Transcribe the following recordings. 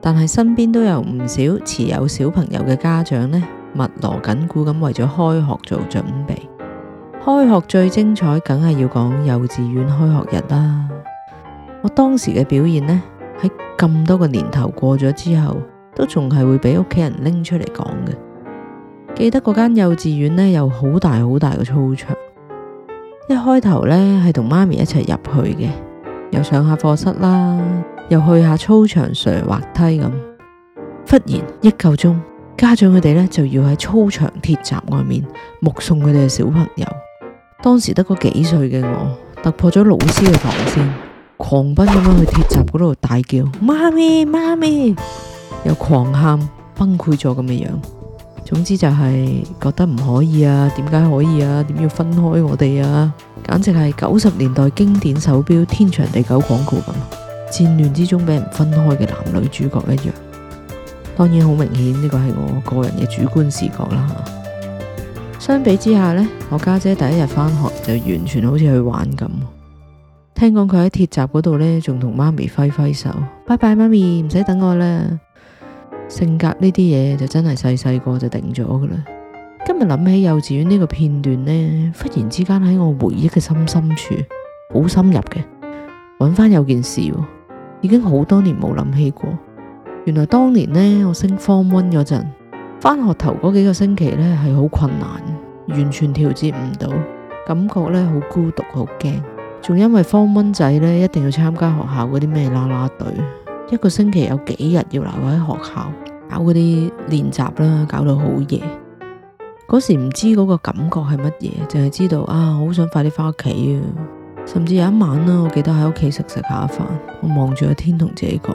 但係身邊都有唔少持有小朋友嘅家長呢，密鑼緊鼓咁為咗開學做準備。開學最精彩，梗係要講幼稚園開學日啦。我當時嘅表現呢，喺咁多個年頭過咗之後，都仲係會俾屋企人拎出嚟講嘅。記得嗰間幼稚園呢，有好大好大嘅操場。一開頭呢係同媽咪一齊入去嘅，又上下課室啦。又去下操場上滑梯咁，忽然一夠鐘，家長佢哋呢就要喺操場鐵閘外面目送佢哋嘅小朋友。當時得個幾歲嘅我突破咗老師嘅防線，狂奔咁樣去鐵閘嗰度大叫媽咪媽咪，媽咪又狂喊崩潰咗咁嘅樣，樣。總之就係、是、覺得唔可以啊，點解可以啊？點要分開我哋啊？簡直係九十年代經典手錶天長地久廣告咁。戰亂之中俾人分開嘅男女主角一樣，當然好明顯呢個係我個人嘅主觀視角啦、啊。相比之下呢，我家姐，姐第一日返學就完全好似去玩咁，聽講佢喺鐵閘嗰度呢，仲同媽咪揮揮手，拜拜媽咪唔使等我啦。性格呢啲嘢就真係細細個就定咗噶啦。今日諗起幼稚園呢個片段呢，忽然之間喺我回憶嘅心深，深處好深入嘅，搵翻有件事、啊。已經好多年冇諗起過，原來當年呢，我升 Form One 嗰陣，翻學頭嗰幾個星期呢係好困難，完全調節唔到，感覺呢好孤獨、好驚，仲因為 Form One 仔呢一定要參加學校嗰啲咩啦啦隊，一個星期有幾日要留喺學校搞嗰啲練習啦，搞到好夜，嗰時唔知嗰個感覺係乜嘢，淨係知道啊，好想快啲翻屋企。甚至有一晚啦，我記得喺屋企食食下飯，我望住個天同自己講：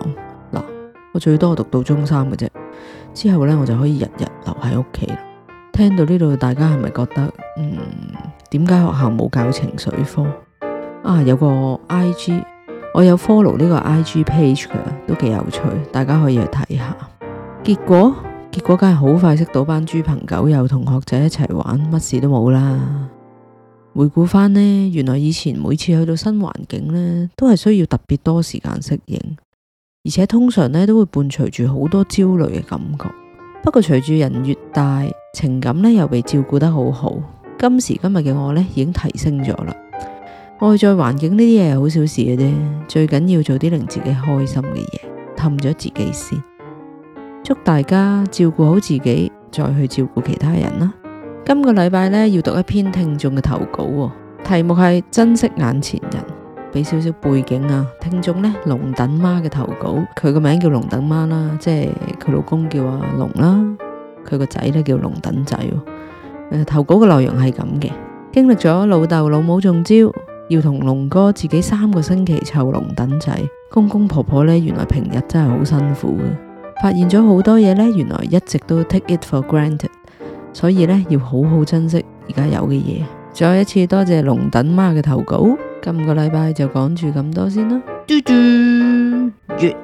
嗱，我最多我讀到中三嘅啫，之後咧我就可以日日留喺屋企啦。聽到呢度，大家係咪覺得，嗯，點解學校冇教情緒科？啊，有個 I G，我有 follow 呢個 I G page 嘅，都幾有趣，大家可以去睇下。結果，結果梗係好快識到班豬朋狗友同學仔一齊玩，乜事都冇啦。回顧返呢，原來以前每次去到新環境呢，都係需要特別多時間適應，而且通常呢都會伴隨住好多焦慮嘅感覺。不過隨住人越大，情感呢又被照顧得好好，今時今日嘅我呢，已經提升咗啦。外在環境呢啲嘢係好小事嘅啫，最緊要做啲令自己開心嘅嘢，氹咗自己先。祝大家照顧好自己，再去照顧其他人啦。今個禮拜要讀一篇聽眾嘅投稿喎，題目係珍惜眼前人。俾少少背景啊，聽眾呢，龍等媽嘅投稿，佢個名叫龍等媽啦，即係佢老公叫阿、啊、龍啦，佢個仔呢叫龍等仔。誒，投稿嘅內容係咁嘅，經歷咗老豆老母中招，要同龍哥自己三個星期湊龍等仔，公公婆婆呢，原來平日真係好辛苦嘅，發現咗好多嘢，呢，原來一直都 take it for granted。所以呢，要好好珍惜而家有嘅嘢。再一次多謝龍躉媽嘅投稿。今個禮拜就講住咁多先啦。嘟嘟。 yeah.